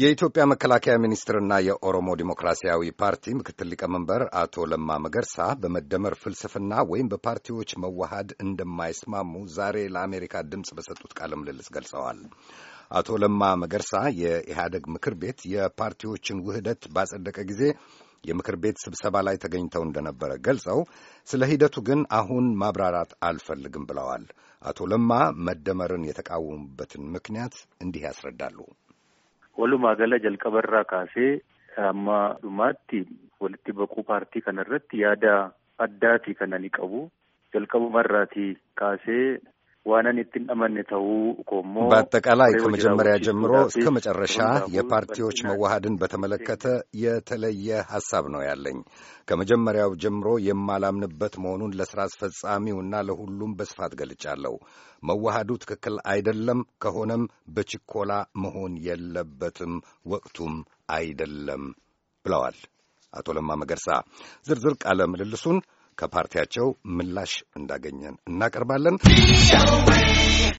የኢትዮጵያ መከላከያ ሚኒስትርና የኦሮሞ ዲሞክራሲያዊ ፓርቲ ምክትል ሊቀመንበር አቶ ለማ መገርሳ በመደመር ፍልስፍና ወይም በፓርቲዎች መዋሃድ እንደማይስማሙ ዛሬ ለአሜሪካ ድምፅ በሰጡት ቃለ ምልልስ ገልጸዋል። አቶ ለማ መገርሳ የኢህአደግ ምክር ቤት የፓርቲዎችን ውህደት ባጸደቀ ጊዜ የምክር ቤት ስብሰባ ላይ ተገኝተው እንደነበረ ገልጸው ስለ ሂደቱ ግን አሁን ማብራራት አልፈልግም ብለዋል። አቶ ለማ መደመርን የተቃወሙበትን ምክንያት እንዲህ ያስረዳሉ። Walumaa gala jalqaba irraa kaasee amma dhumaatti walitti baquu paartii kana irratti yaada addaati kan qabu jalqabuma kaasee ዋናን የትን አመን ኮሞ በአጠቃላይ ከመጀመሪያ ጀምሮ እስከ መጨረሻ የፓርቲዎች መዋሃድን በተመለከተ የተለየ ሐሳብ ነው ያለኝ። ከመጀመሪያው ጀምሮ የማላምንበት መሆኑን ለስራ አስፈጻሚውና ለሁሉም በስፋት ገልጫለሁ። መዋሃዱ ትክክል አይደለም። ከሆነም በችኮላ መሆን የለበትም፣ ወቅቱም አይደለም ብለዋል አቶ ለማ መገርሳ። ዝርዝር ቃለ ምልልሱን ከፓርቲያቸው ምላሽ እንዳገኘን እናቀርባለን።